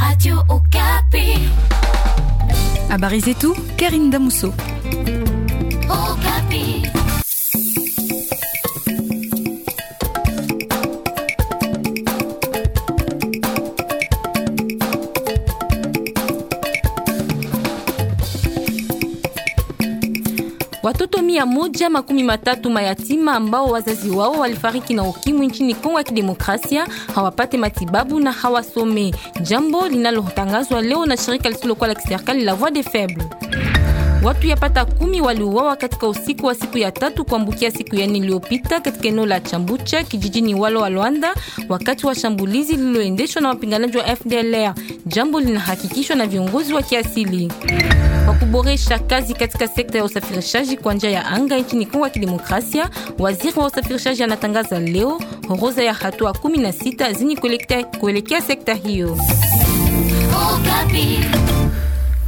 Radio Okapi. À tout, Karine Damousso. Watoto mia moja makumi matatu mayatima ambao wazazi wao walifariki na ukimwi nchini Kongo ya Kidemokrasia hawapate matibabu na hawasome, jambo linalotangazwa leo na shirika lisilokuwa la kiserikali la Voix des Faibles. Watu yapata kumi waliuawa katika usiku wa siku ya tatu kuambukia siku ya nne iliyopita katika eneo la Chambucha kijijini Walo wa Luanda wakati wa shambulizi lililoendeshwa na wapiganaji wa FDLR, jambo linahakikishwa na viongozi wa kiasili kwa kuboresha kazi katika sekta ya usafirishaji kwa njia ya anga nchini Kongo ya Kidemokrasia. Waziri wa usafirishaji anatangaza leo horoza ya hatua 16 zenye kuelekea sekta hiyo.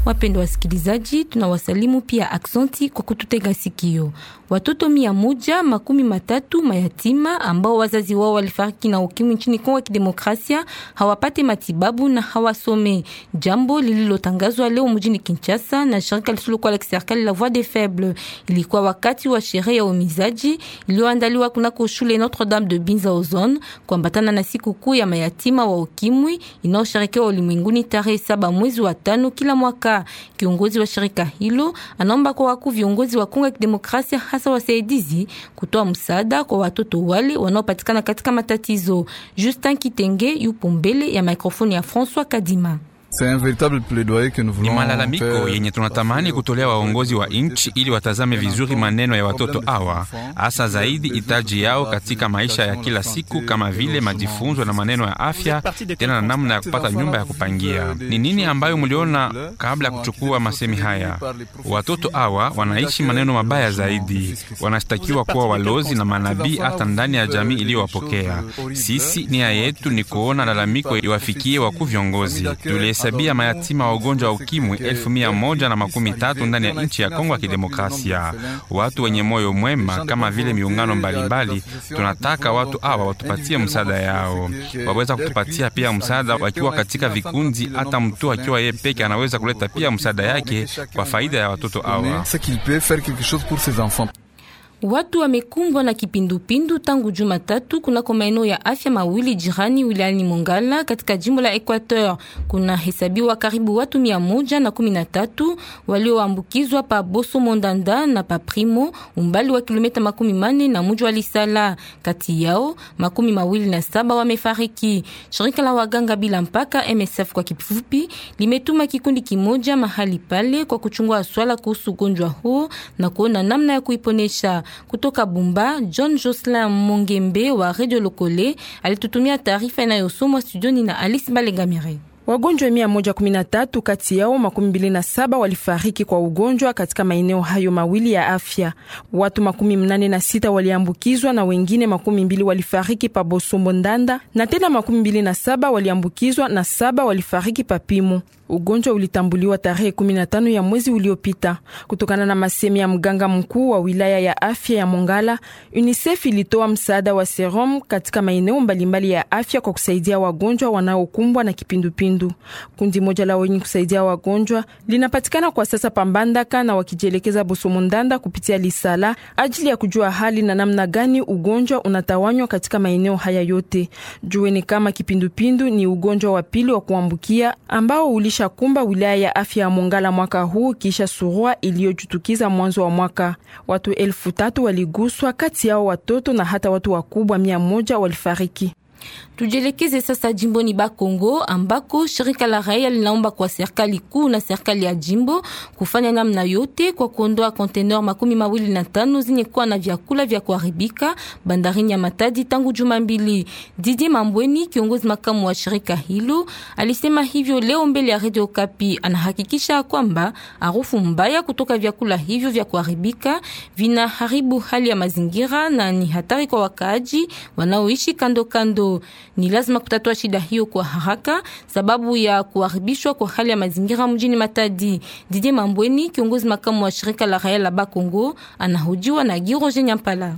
Wapendwa wasikilizaji, tunawasalimu pia aksanti kwa kututega sikio. Watoto mia moja makumi matatu mayatima ambao wazazi wao walifariki na ukimwi nchini Kongo ya Kidemokrasia hawapate matibabu na hawasome, jambo lililotangazwa leo mjini Kinshasa na shirika lisilokuwa la kiserikali la Voix des Faibles. Ilikuwa wakati wa sherehe ya umizaji iliyoandaliwa kunako shule Notre Dame de Binza Ozone kuambatana na siku kuu ya mayatima wa ukimwi inayosherekewa ulimwenguni tarehe saba mwezi wa tano kila mwaka. Afrika. Kiongozi wa shirika hilo anaomba kwa wakuu viongozi wa Kongo ya Kidemokrasia, hasa wasaidizi kutoa msaada kwa watoto wale wanaopatikana katika matatizo. Justin Kitenge yupo mbele ya mikrofoni ya François Kadima. Ni malalamiko yenye tunatamani kutolea waongozi wa nchi ili watazame vizuri maneno ya watoto hawa, hasa zaidi hitaji yao katika maisha ya kila siku, kama vile majifunzo na maneno ya afya, tena na namna ya kupata nyumba ya kupangia. Ni nini ambayo mliona kabla ya kuchukua masemi haya? Watoto hawa wanaishi maneno mabaya zaidi, wanashtakiwa kuwa walozi na manabii hata ndani ya jamii iliyowapokea. Sisi nia yetu ni kuona lalamiko iwafikie wakuu viongozi kuhesabia mayatima wa ugonjwa wa ukimwi elfu mia moja na makumi tatu ndani ya nchi ya Kongo ya Kidemokrasia. Watu wenye moyo mwema kama vile miungano euh, mbalimbali, tunataka watu hawa watupatie msaada yao. Waweza kutupatia pia msaada wakiwa katika vikundi, hata mtu akiwa yeye peke anaweza kuleta pia msaada yake kwa faida ya watoto hawa. Watu wamekumbwa na kipindupindu tangu Jumatatu kunako maeneo ya afya mawili jirani wilayani Mongala katika jimbo la Equateur. Kuna hesabiwa karibu watu mia moja na kumi na tatu walioambukizwa pa Boso Mondanda na pa Primo, umbali wa kilomita makumi mane na mji wa Lisala. Kati yao makumi mawili na saba wamefariki. Shirika la waganga bila mpaka MSF kwa kifupi limetuma kikundi kimoja mahali pale kwa kuchungua swala kuhusu ugonjwa huo na kuona namna ya kuiponesha. Kutoka Bumba, John Jocelyn Mongembe wa Radio Lokole alitutumia taarifa inayosomwa studioni na Alice Malengamire. Wagonjwa 113 kati yao 27 walifariki kwa ugonjwa katika maeneo hayo mawili ya afya. Watu 86 waliambukizwa na wengine 20 walifariki pa Bosombo Ndanda, na tena 27 waliambukizwa na saba walifariki pa Pimo. Ugonjwa ulitambuliwa tarehe 15 ya mwezi uliopita. Kutokana na masemi ya mganga mkuu wa wilaya ya afya ya Mongala, UNICEF ilitoa msaada wa serum katika maeneo mbalimbali ya afya kwa kusaidia wagonjwa wanaokumbwa na kipindupindu. Kindu. Kundi moja la wenye kusaidia wagonjwa linapatikana kwa sasa Pambandaka na wakijielekeza Bosomondanda kupitia Lisala ajili ya kujua hali na namna gani ugonjwa unatawanywa katika maeneo haya yote. Jueni kama kipindupindu ni ugonjwa wa pili wa kuambukia ambao ulishakumba wilaya ya afya ya Mongala mwaka huu kisha surua iliyojutukiza mwanzo wa mwaka. Watu elfu tatu waliguswa, kati yao watoto na hata watu wakubwa mia moja walifariki. Tujelekeze sasa jimboni Bakongo ambako shirika la raia linaomba kwa serikali kuu na serikali ya jimbo kufanya namna yote kwa kuondoa kontener makumi mawili na tano zenye kuwa na vyakula vya kuharibika bandarini ya Matadi tangu juma mbili. Didier Mambweni, kiongozi makamu wa shirika hilo, alisema hivyo leo mbele ya Radio Kapi. Anahakikisha kwamba harufu mbaya kutoka vyakula hivyo vya kuharibika vinaharibu hali ya mazingira na ni hatari kwa wakaaji wanaoishi kando kando ni lazima kutatua shida hiyo kwa haraka sababu ya kuharibishwa kwa hali ya mazingira mjini Matadi. Didie Mambweni, kiongozi makamu wa shirika la raia la Bakongo, anahojiwa na Giro Jenyampala.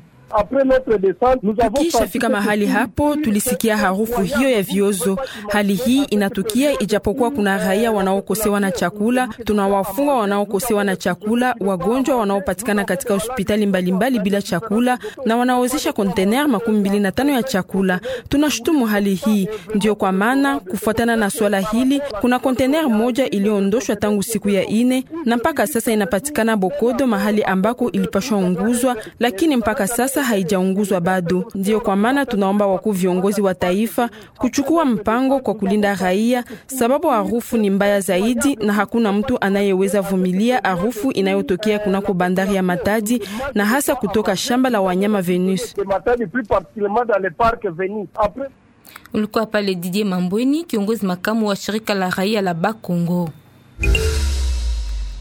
Tukishafika mahali hapo, tulisikia harufu hiyo ya viozo. Hali hii inatukia ijapokuwa kuna raia wanaokosewa na chakula, tuna wafungwa wanaokosewa na chakula, wagonjwa wanaopatikana katika hospitali mbalimbali bila chakula na wanaozesha kontener makumi mbili na tano ya chakula. Tunashutumu hali hii, ndiyo kwa maana kufuatana na swala hili kuna kontener moja iliyoondoshwa tangu siku ya ine na mpaka sasa inapatikana Bokodo, mahali ambako ilipashwa unguzwa, lakini mpaka sasa haijaunguzwa bado. Ndiyo kwa maana tunaomba wakuu viongozi wa taifa kuchukua mpango kwa kulinda raia, sababu harufu ni mbaya zaidi, na hakuna mtu anayeweza vumilia harufu inayotokea kunako bandari ya Matadi na hasa kutoka shamba la wanyama Venus. Ulikuwa pale Didier Mambweni, kiongozi makamu wa shirika la raia la Bakongo.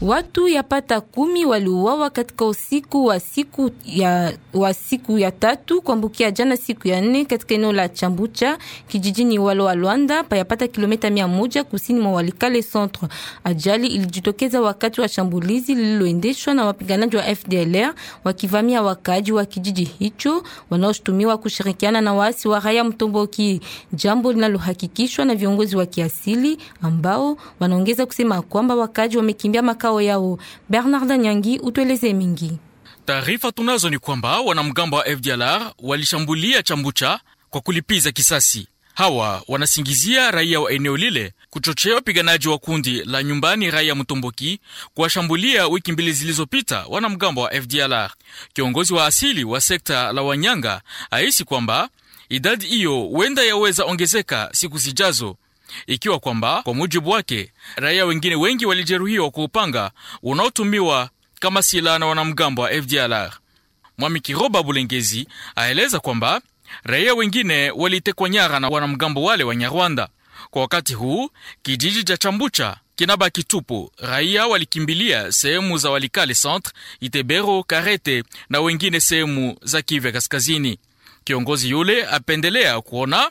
Watu yapata kumi waliuawa katika usiku wa siku ya, wa siku ya tatu kuambukia jana siku ya nne katika eneo la Chambucha kijijini walo wa Luanda payapata kilomita mia moja kusini mwa Walikale Centre. Ajali ilijitokeza wakati wa shambulizi lililoendeshwa na wapiganaji wa FDLR wakivamia wakaji wa kijiji hicho wanaoshutumiwa kushirikiana na waasi wa Raia Mtomboki, jambo linalohakikishwa na viongozi wa kiasili ambao wanaongeza kusema kwamba wakaji wamekimbia makao yao. Bernard Nyangi, utueleze mingi. Taarifa tunazo ni kwamba wanamgambo wa FDLR walishambulia Chambucha kwa kulipiza kisasi. Hawa wanasingizia raia wa eneo lile kuchochea wapiganaji wa kundi la nyumbani raia Mutomboki kuwashambulia wiki mbili zilizopita wanamgambo wa FDLR. Kiongozi wa asili wa sekta la Wanyanga aisi kwamba idadi hiyo huenda yaweza ongezeka siku zijazo ikiwa kwamba kwa mujibu wake raia wengine wengi walijeruhiwa kwa upanga unaotumiwa kama silaha na wanamgambo wa FDLR. Mwami Kiroba Bulengezi aeleza kwamba raia wengine walitekwa nyara na wanamgambo wale wa Nyarwanda. Kwa wakati huu kijiji cha Chambucha kinabaki tupu, raia walikimbilia sehemu za Walikale Centre, Itebero, Karete na wengine sehemu za kive Kaskazini. Kiongozi yule apendelea kuona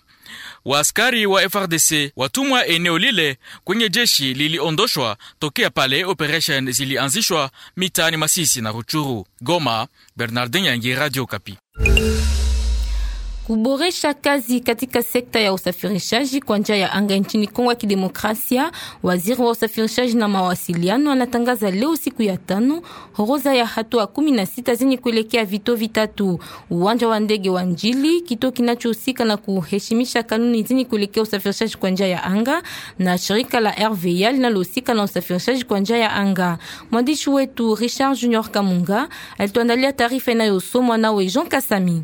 Waaskari wa FRDC watumwa eneo lile kwenye jeshi liliondoshwa tokea pale operation zilianzishwa mitaani Masisi na Ruchuru. Goma, Bernardin Yangi, Radio Kapi kuboresha kazi katika sekta ya usafirishaji kwa njia ya anga nchini Kongo ya Kidemokrasia. Waziri wa usafirishaji na mawasiliano anatangaza leo siku ya tano horoza ya hatua kumi na sita zenye kuelekea vituo vitatu: uwanja wa ndege wa Njili, kituo kinachohusika na kuheshimisha kanuni zenye kuelekea usafirishaji kwa njia ya anga, na shirika la RVA linalohusika na usafirishaji kwa njia ya anga. Mwandishi wetu Richard Junior Kamunga alituandalia taarifa inayosomwa nawe Jean Kasami.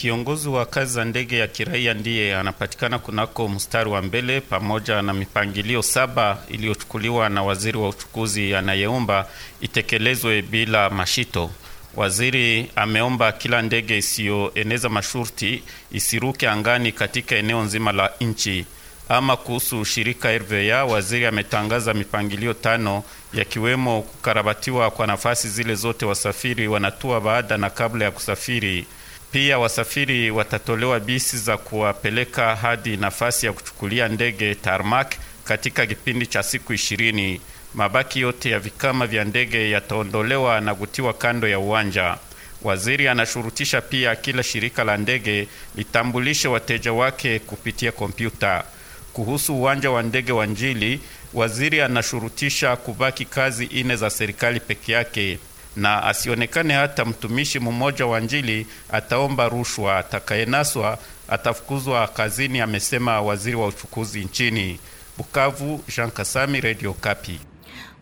Kiongozi wa kazi za ndege ya kiraia ndiye anapatikana kunako mstari wa mbele pamoja na mipangilio saba iliyochukuliwa na waziri wa uchukuzi anayeomba itekelezwe bila mashito. Waziri ameomba kila ndege isiyoeneza masharti isiruke angani katika eneo nzima la nchi. Ama kuhusu shirika RVA, waziri ametangaza mipangilio tano yakiwemo kukarabatiwa kwa nafasi zile zote wasafiri wanatua baada na kabla ya kusafiri. Pia wasafiri watatolewa bisi za kuwapeleka hadi nafasi ya kuchukulia ndege tarmac katika kipindi cha siku ishirini. Mabaki yote ya vikama vya ndege yataondolewa na kutiwa kando ya uwanja. Waziri anashurutisha pia kila shirika la ndege litambulishe wateja wake kupitia kompyuta. Kuhusu uwanja wa ndege wa Njili, waziri anashurutisha kubaki kazi ine za serikali peke yake na asionekane hata mtumishi mmoja wa njili ataomba rushwa, atakayenaswa atafukuzwa kazini, amesema waziri wa uchukuzi nchini Bukavu. Jean Kasami, Radio Kapi.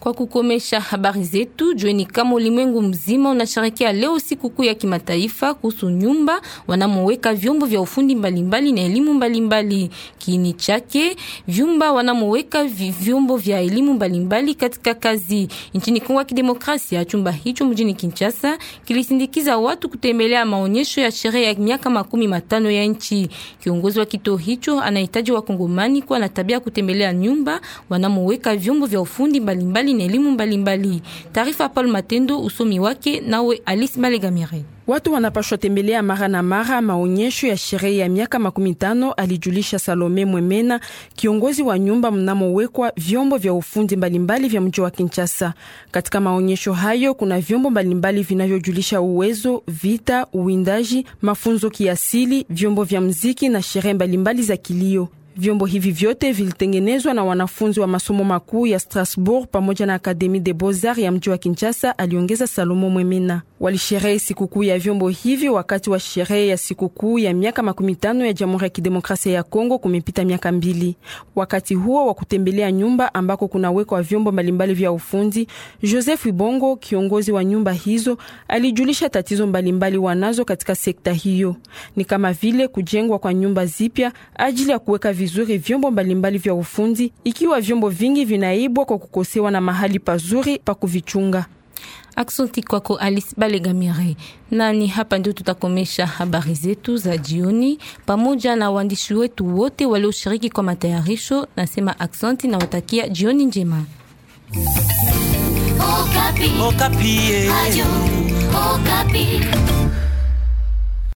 Kwa kukomesha habari zetu, jueni kama ulimwengu mzima unasherekea leo sikukuu ya kimataifa kuhusu nyumba wanamoweka vyombo vya ufundi mbalimbali mbali na elimu mbalimbali. Kiini chake vyumba wanamoweka vyombo vya elimu mbalimbali katika kazi nchini Kongo ya Kidemokrasia. Chumba hicho mjini Kinshasa kilisindikiza watu kutembelea maonyesho ya sherehe ya miaka makumi matano ya nchi. Kiongozi wa kituo hicho anahitaji wakongomani kuwa na tabia kutembelea nyumba wanamoweka vyombo vya ufundi mbalimbali mbali mbali na elimu mbalimbali. Taarifa Paul Matendo, usomi wake nawe Alice Malegamire. Watu wanapashwa tembelea mara na mara maonyesho ya sherehe ya miaka makumi tano, alijulisha Salome Mwemena, kiongozi wa nyumba mnamowekwa vyombo vya ufundi mbalimbali vya mji wa Kinshasa. Katika maonyesho hayo kuna vyombo mbalimbali vinavyojulisha uwezo, vita, uwindaji, mafunzo kiasili, vyombo vya mziki na sherehe mbalimbali za kilio. Vyombo hivi vyote vilitengenezwa na wanafunzi wa masomo makuu ya Strasbourg pamoja na academie de Beaux-Arts ya mji wa Kinshasa, aliongeza Salomo Mwemina. Walisherehe sikukuu ya vyombo hivi wakati wa sherehe ya sikukuu ya miaka makumi tano ya Jamhuri ya Kidemokrasia ya Kongo, kumepita miaka mbili. Wakati huo wa kutembelea nyumba ambako kunawekwa vyombo mbalimbali vya ufundi, Joseph Ibongo, kiongozi wa nyumba hizo, alijulisha tatizo mbalimbali wanazo katika sekta hiyo, ni kama vile kujengwa kwa nyumba zipya ajili ya kuweka vizuri vyombo mbalimbali vya ufundi, ikiwa vyombo vingi vinaibwa kwa kukosewa na mahali pazuri pa kuvichunga. Aksanti kwako Alice Balegamire. Nani hapa ndio tutakomesha habari zetu za jioni pamoja na waandishi wetu wote walioshiriki kwa matayarisho. Nasema aksanti na watakia jioni njema. Okapi. Okapi. Eh. Adio. Okapi.